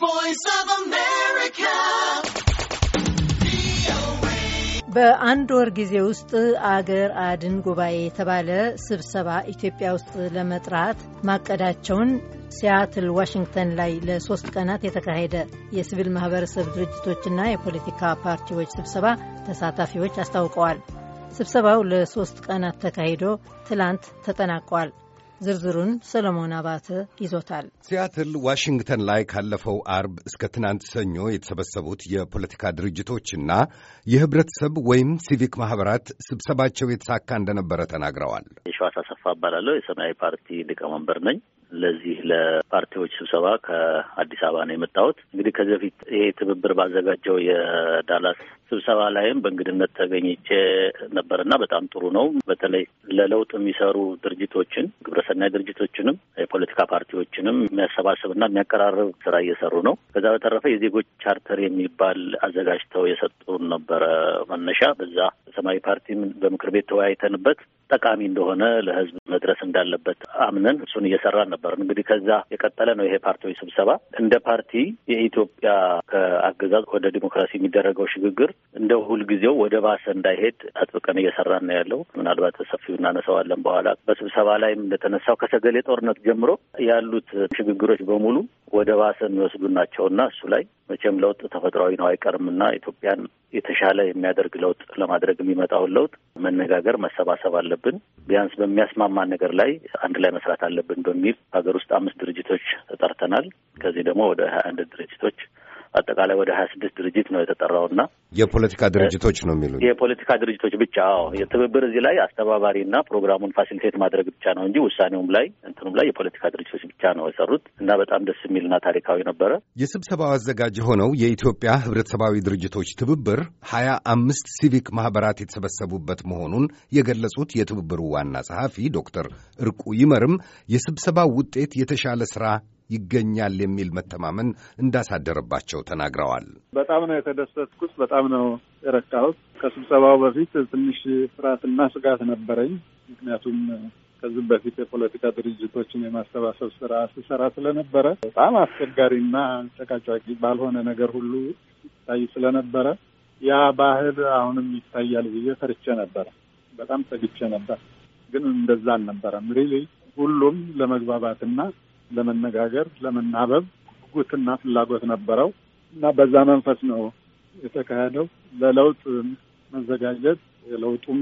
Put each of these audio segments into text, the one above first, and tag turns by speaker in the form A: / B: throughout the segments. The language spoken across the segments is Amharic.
A: voice
B: በአንድ ወር ጊዜ ውስጥ አገር አድን ጉባኤ የተባለ ስብሰባ ኢትዮጵያ ውስጥ ለመጥራት ማቀዳቸውን ሲያትል ዋሽንግተን ላይ ለሶስት ቀናት የተካሄደ የሲቪል ማህበረሰብ ድርጅቶችና የፖለቲካ ፓርቲዎች ስብሰባ ተሳታፊዎች አስታውቀዋል። ስብሰባው ለሶስት ቀናት ተካሂዶ ትላንት ተጠናቋል። ዝርዝሩን ሰለሞን አባተ ይዞታል። ሲያትል ዋሽንግተን ላይ ካለፈው አርብ እስከ ትናንት ሰኞ የተሰበሰቡት የፖለቲካ ድርጅቶችና የህብረተሰብ ወይም ሲቪክ ማህበራት ስብሰባቸው የተሳካ እንደነበረ ተናግረዋል።
C: የሸዋስ አሰፋ እባላለሁ። የሰማያዊ ፓርቲ ሊቀመንበር ነኝ። ለዚህ ለፓርቲዎች ስብሰባ ከአዲስ አበባ ነው የመጣሁት። እንግዲህ ከዚህ በፊት ይሄ ትብብር ባዘጋጀው የዳላስ ስብሰባ ላይም በእንግድነት ተገኝቼ ነበርና በጣም ጥሩ ነው። በተለይ ለለውጥ የሚሰሩ ድርጅቶችን ግብረሰናይ ድርጅቶችንም የፖለቲካ ፓርቲዎችንም የሚያሰባስብና የሚያቀራርብ ስራ እየሰሩ ነው። ከዛ በተረፈ የዜጎች ቻርተር የሚባል አዘጋጅተው የሰጡን ነበረ መነሻ በዛ ሰማያዊ ፓርቲም በምክር ቤት ተወያይተንበት ጠቃሚ እንደሆነ ለህዝብ መድረስ እንዳለበት አምነን እሱን እየሰራን ነበር። እንግዲህ ከዛ የቀጠለ ነው ይሄ ፓርቲዎች ስብሰባ። እንደ ፓርቲ የኢትዮጵያ ከአገዛዝ ወደ ዲሞክራሲ የሚደረገው ሽግግር እንደ ሁልጊዜው ወደ ባሰ እንዳይሄድ አጥብቀን እየሰራን ነው ያለው። ምናልባት ሰፊው እናነሳዋለን በኋላ። በስብሰባ ላይም እንደተነሳው ከሰገሌ ጦርነት ጀምሮ ያሉት ሽግግሮች በሙሉ ወደ ባሰ የሚወስዱ ናቸው እና እሱ ላይ መቼም ለውጥ ተፈጥሯዊ ነው አይቀርም ኢትዮጵያን የተሻለ የሚያደርግ ለውጥ ለማድረግ የሚመጣውን ለውጥ መነጋገር መሰባሰብ አለበት። አለብን፣ ቢያንስ በሚያስማማ ነገር ላይ አንድ ላይ መስራት አለብን በሚል ሀገር ውስጥ አምስት ድርጅቶች ተጠርተናል። ከዚህ ደግሞ ወደ ሀያ አንድ ድርጅቶች አጠቃላይ ወደ ሀያ ስድስት ድርጅት ነው የተጠራውና
B: የፖለቲካ ድርጅቶች ነው የሚሉ
C: የፖለቲካ ድርጅቶች ብቻ። አዎ የትብብር እዚህ ላይ አስተባባሪና ፕሮግራሙን ፋሲሊቴት ማድረግ ብቻ ነው እንጂ ውሳኔውም ላይ እንትኑም ላይ የፖለቲካ ድርጅቶች ብቻ ነው የሰሩት እና በጣም ደስ የሚልና ታሪካዊ ነበረ።
B: የስብሰባው አዘጋጅ የሆነው የኢትዮጵያ ህብረተሰባዊ ድርጅቶች ትብብር ሀያ አምስት ሲቪክ ማህበራት የተሰበሰቡበት መሆኑን የገለጹት የትብብሩ ዋና ጸሐፊ ዶክተር እርቁ ይመርም የስብሰባው ውጤት የተሻለ ስራ ይገኛል የሚል መተማመን እንዳሳደረባቸው ተናግረዋል።
A: በጣም ነው የተደሰትኩት። በጣም ነው የረካሁት። ከስብሰባው በፊት ትንሽ ፍርሃትና ስጋት ነበረኝ። ምክንያቱም ከዚህ በፊት የፖለቲካ ድርጅቶችን የማሰባሰብ ስራ ስሰራ ስለነበረ በጣም አስቸጋሪና ጨቃጫቂ ባልሆነ ነገር ሁሉ ይታይ ስለነበረ ያ ባህል አሁንም ይታያል ብዬ ፈርቼ ነበረ። በጣም ተግቼ ነበር፣ ግን እንደዛ አልነበረም። ሪሊ ሁሉም ለመግባባትና ለመነጋገር፣ ለመናበብ ጉጉትና ፍላጎት ነበረው እና በዛ መንፈስ ነው የተካሄደው። ለለውጥ መዘጋጀት የለውጡም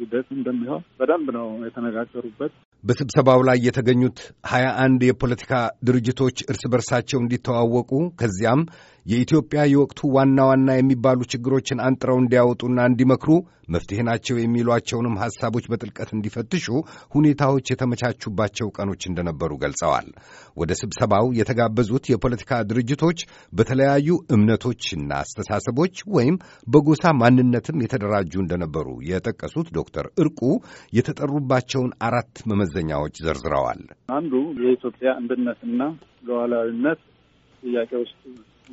A: ሂደት እንደሚሆን በደንብ ነው የተነጋገሩበት።
B: በስብሰባው ላይ የተገኙት ሀያ አንድ የፖለቲካ ድርጅቶች እርስ በርሳቸው እንዲተዋወቁ ከዚያም የኢትዮጵያ የወቅቱ ዋና ዋና የሚባሉ ችግሮችን አንጥረው እንዲያወጡና እንዲመክሩ መፍትሄ ናቸው የሚሏቸውንም ሐሳቦች በጥልቀት እንዲፈትሹ ሁኔታዎች የተመቻቹባቸው ቀኖች እንደነበሩ ገልጸዋል። ወደ ስብሰባው የተጋበዙት የፖለቲካ ድርጅቶች በተለያዩ እምነቶችና አስተሳሰቦች ወይም በጎሳ ማንነትም የተደራጁ እንደነበሩ የጠቀሱት ዶክተር እርቁ የተጠሩባቸውን አራት መመዘኛዎች ዘርዝረዋል።
A: አንዱ የኢትዮጵያ አንድነትና ሉዓላዊነት ጥያቄ ውስጥ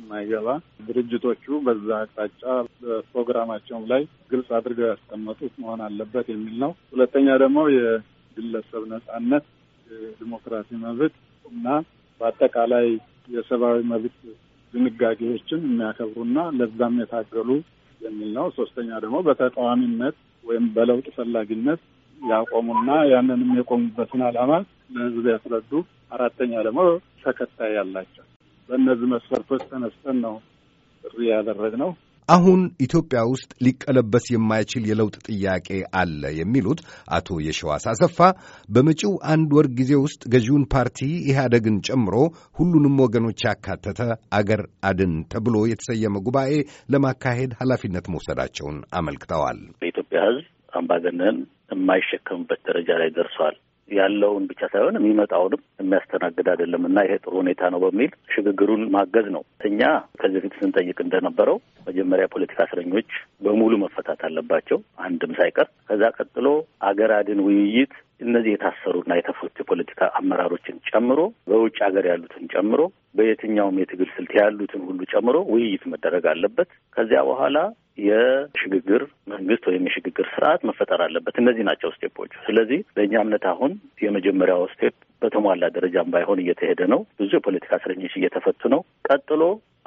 A: የማይገባ ድርጅቶቹ በዛ አቅጣጫ በፕሮግራማቸውም ላይ ግልጽ አድርገው ያስቀመጡት መሆን አለበት የሚል ነው። ሁለተኛ ደግሞ የግለሰብ ነጻነት፣ የዲሞክራሲ መብት እና በአጠቃላይ የሰብአዊ መብት ድንጋጌዎችን የሚያከብሩና ለዛም የታገሉ የሚል ነው። ሶስተኛ ደግሞ በተቃዋሚነት ወይም በለውጥ ፈላጊነት ያቆሙና ያንንም የቆሙበትን ዓላማ ለሕዝብ ያስረዱ። አራተኛ ደግሞ ተከታይ ያላቸው በእነዚህ መስፈርቶች ተነስተን ነው ጥሪ ያደረግነው።
B: አሁን ኢትዮጵያ ውስጥ ሊቀለበስ የማይችል የለውጥ ጥያቄ አለ የሚሉት አቶ የሸዋስ አሰፋ በመጪው አንድ ወር ጊዜ ውስጥ ገዢውን ፓርቲ ኢህአደግን ጨምሮ ሁሉንም ወገኖች ያካተተ አገር አድን ተብሎ የተሰየመ ጉባኤ ለማካሄድ ኃላፊነት መውሰዳቸውን አመልክተዋል።
C: የኢትዮጵያ ሕዝብ አምባገነን የማይሸከምበት ደረጃ ላይ ደርሷል። ያለውን ብቻ ሳይሆን የሚመጣውንም የሚያስተናግድ አይደለም እና ይሄ ጥሩ ሁኔታ ነው በሚል ሽግግሩን ማገዝ ነው። እኛ ከዚህ በፊት ስንጠይቅ እንደነበረው መጀመሪያ የፖለቲካ እስረኞች በሙሉ መፈታት አለባቸው፣ አንድም ሳይቀር። ከዛ ቀጥሎ አገር አድን ውይይት እነዚህ የታሰሩና የተፈቱ የፖለቲካ አመራሮችን ጨምሮ በውጭ ሀገር ያሉትን ጨምሮ በየትኛውም የትግል ስልት ያሉትን ሁሉ ጨምሮ ውይይት መደረግ አለበት። ከዚያ በኋላ የሽግግር መንግስት ወይም የሽግግር ስርዓት መፈጠር አለበት። እነዚህ ናቸው ስቴፖች ስለዚህ በእኛ እምነት አሁን የመጀመሪያው ስቴፕ በተሟላ ደረጃም ባይሆን እየተሄደ ነው። ብዙ የፖለቲካ እስረኞች እየተፈቱ ነው። ቀጥሎ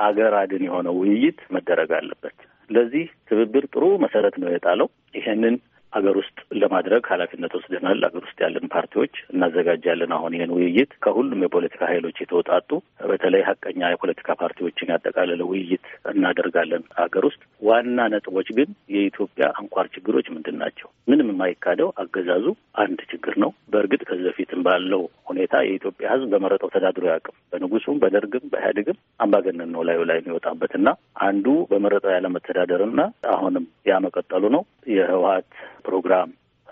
C: አገር አድን የሆነ ውይይት መደረግ አለበት። ለዚህ ትብብር ጥሩ መሰረት ነው የጣለው። ይሄንን ሀገር ውስጥ ለማድረግ ኃላፊነት ወስደናል። ሀገር ውስጥ ያለን ፓርቲዎች እናዘጋጃለን። አሁን ይህን ውይይት ከሁሉም የፖለቲካ ኃይሎች የተወጣጡ በተለይ ሀቀኛ የፖለቲካ ፓርቲዎችን ያጠቃለለ ውይይት እናደርጋለን። ሀገር ውስጥ ዋና ነጥቦች ግን የኢትዮጵያ አንኳር ችግሮች ምንድን ናቸው? ምንም የማይካደው አገዛዙ አንድ ችግር ነው። በእርግጥ ከዚህ በፊትም ባለው ሁኔታ የኢትዮጵያ ሕዝብ በመረጠው ተዳድሮ ያቅም በንጉሱም በደርግም በኢህአዴግም አምባገነን ነው ላዩ ላይ የሚወጣበት እና አንዱ በመረጠው ያለመተዳደርና አሁንም ያመቀጠሉ ነው የህወሀት ፕሮግራም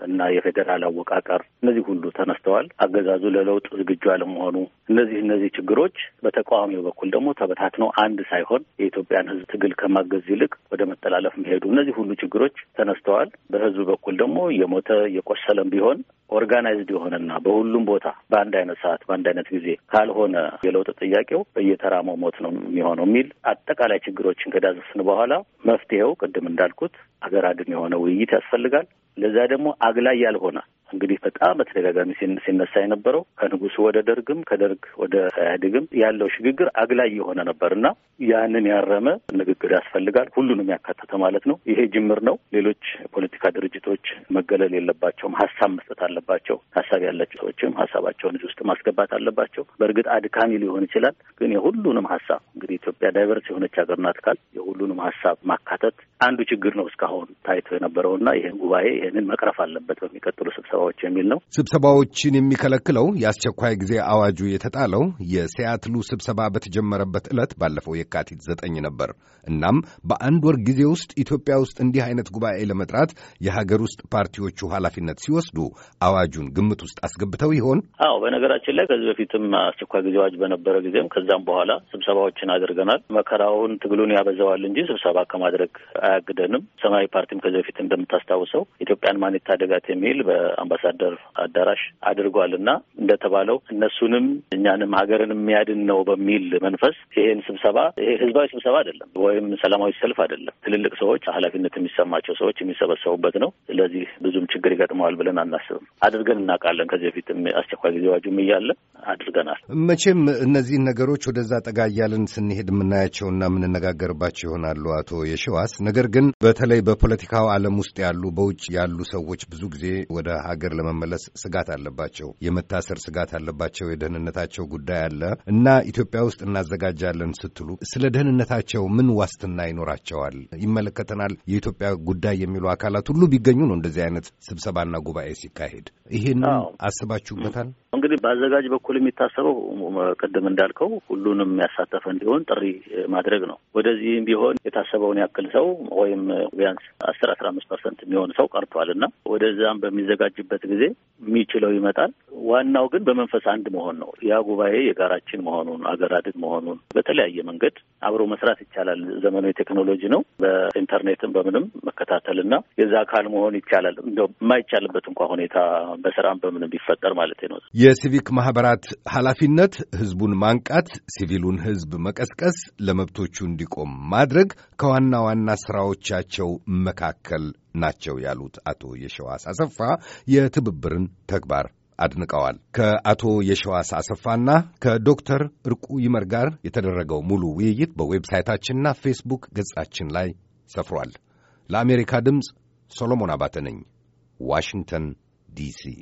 C: እና የፌዴራል አወቃቀር እነዚህ ሁሉ ተነስተዋል። አገዛዙ ለለውጥ ዝግጁ አለመሆኑ፣ እነዚህ እነዚህ ችግሮች በተቃዋሚው በኩል ደግሞ ተበታትነው አንድ ሳይሆን የኢትዮጵያን ሕዝብ ትግል ከማገዝ ይልቅ ወደ መጠላለፍ መሄዱ፣ እነዚህ ሁሉ ችግሮች ተነስተዋል። በሕዝብ በኩል ደግሞ የሞተ የቆሰለም ቢሆን ኦርጋናይዝድ የሆነና በሁሉም ቦታ በአንድ አይነት ሰዓት በአንድ አይነት ጊዜ ካልሆነ የለውጥ ጥያቄው በየተራማው ሞት ነው የሚሆነው የሚል አጠቃላይ ችግሮችን ከዳሰስን በኋላ መፍትሄው ቅድም እንዳልኩት ሀገር አድን የሆነ ውይይት ያስፈልጋል። ለዛ ደግሞ አግላይ ያልሆነ እንግዲህ በጣም በተደጋጋሚ ሲነሳ የነበረው ከንጉሱ ወደ ደርግም ከደርግ ወደ ኢህአዴግም ያለው ሽግግር አግላይ የሆነ ነበር እና ያንን ያረመ ንግግር ያስፈልጋል። ሁሉንም ያካተተ ማለት ነው። ይሄ ጅምር ነው። ሌሎች የፖለቲካ ድርጅቶች መገለል የለባቸውም። ሀሳብ መስጠት አለባቸው። ሀሳብ ያላቸው ሰዎችም ሀሳባቸውን እዚህ ውስጥ ማስገባት አለባቸው። በእርግጥ አድካሚ ሊሆን ይችላል፣ ግን የሁሉንም ሀሳብ እንግዲህ ኢትዮጵያ ዳይቨርስ የሆነች ሀገር ናት ካል የሁሉንም ሀሳብ ማካተት አንዱ ችግር ነው እስካሁን ታይቶ እና ይህን ጉባኤ ይህንን መቅረፍ አለበት በሚቀጥሉ ስብሰባ ስብሰባዎች የሚል ነው።
B: ስብሰባዎችን የሚከለክለው የአስቸኳይ ጊዜ አዋጁ የተጣለው የሲያትሉ ስብሰባ በተጀመረበት ዕለት ባለፈው የካቲት ዘጠኝ ነበር። እናም በአንድ ወር ጊዜ ውስጥ ኢትዮጵያ ውስጥ እንዲህ አይነት ጉባኤ ለመጥራት የሀገር ውስጥ ፓርቲዎቹ ኃላፊነት ሲወስዱ አዋጁን ግምት ውስጥ አስገብተው ይሆን?
C: አዎ፣ በነገራችን ላይ ከዚህ በፊትም አስቸኳይ ጊዜ አዋጅ በነበረ ጊዜም ከዛም በኋላ ስብሰባዎችን አድርገናል። መከራውን ትግሉን ያበዛዋል እንጂ ስብሰባ ከማድረግ አያግደንም። ሰማያዊ ፓርቲም ከዚህ በፊት እንደምታስታውሰው ኢትዮጵያን ማን ይታደጋት የሚል በአምባ አምባሳደር አዳራሽ አድርጓል እና እንደተባለው እነሱንም እኛንም ሀገርን የሚያድን ነው በሚል መንፈስ ይሄን ስብሰባ ይሄ ህዝባዊ ስብሰባ አይደለም ወይም ሰላማዊ ሰልፍ አይደለም። ትልልቅ ሰዎች ኃላፊነት የሚሰማቸው ሰዎች የሚሰበሰቡበት ነው። ስለዚህ ብዙም ችግር ይገጥመዋል ብለን አናስብም። አድርገን እናውቃለን። ከዚህ በፊት አስቸኳይ ጊዜ ዋጁም እያለ
B: አድርገናል። መቼም እነዚህን ነገሮች ወደዛ ጠጋ እያልን ስንሄድ የምናያቸውና የምንነጋገርባቸው ይሆናሉ። አቶ የሸዋስ ነገር ግን በተለይ በፖለቲካው ዓለም ውስጥ ያሉ በውጭ ያሉ ሰዎች ብዙ ጊዜ ወደ ሀገር ለመመለስ ስጋት አለባቸው፣ የመታሰር ስጋት አለባቸው፣ የደህንነታቸው ጉዳይ አለ እና ኢትዮጵያ ውስጥ እናዘጋጃለን ስትሉ ስለ ደህንነታቸው ምን ዋስትና ይኖራቸዋል? ይመለከተናል የኢትዮጵያ ጉዳይ የሚሉ አካላት ሁሉ ቢገኙ ነው እንደዚህ አይነት ስብሰባና ጉባኤ ሲካሄድ። ይህን አስባችሁበታል?
C: እንግዲህ በአዘጋጅ በኩል የሚታሰበው ቅድም እንዳልከው ሁሉንም ያሳተፈ እንዲሆን ጥሪ ማድረግ ነው። ወደዚህም ቢሆን የታሰበውን ያክል ሰው ወይም ቢያንስ አስር አስራ አምስት ፐርሰንት የሚሆን ሰው ቀርቷል እና ወደዛም በሚዘጋጅበት በሚሄድበት ጊዜ የሚችለው ይመጣል ዋናው ግን በመንፈስ አንድ መሆን ነው። ያ ጉባኤ የጋራችን መሆኑን አገር መሆኑን በተለያየ መንገድ አብሮ መስራት ይቻላል። ዘመኑ የቴክኖሎጂ ነው። በኢንተርኔትም በምንም መከታተልና የዛ አካል መሆን ይቻላል። እንደ የማይቻልበት እንኳ ሁኔታ በስራም በምንም ቢፈጠር ማለት ነው።
B: የሲቪክ ማህበራት ኃላፊነት ህዝቡን ማንቃት፣ ሲቪሉን ህዝብ መቀስቀስ፣ ለመብቶቹ እንዲቆም ማድረግ ከዋና ዋና ስራዎቻቸው መካከል ናቸው ያሉት አቶ የሸዋስ አሰፋ የትብብርን ተግባር አድንቀዋል። ከአቶ የሸዋስ አሰፋና ከዶክተር እርቁ ይመር ጋር የተደረገው ሙሉ ውይይት በዌብሳይታችንና ፌስቡክ ገጻችን ላይ ሰፍሯል። ለአሜሪካ ድምፅ ሶሎሞን አባተ ነኝ ዋሽንግተን ዲሲ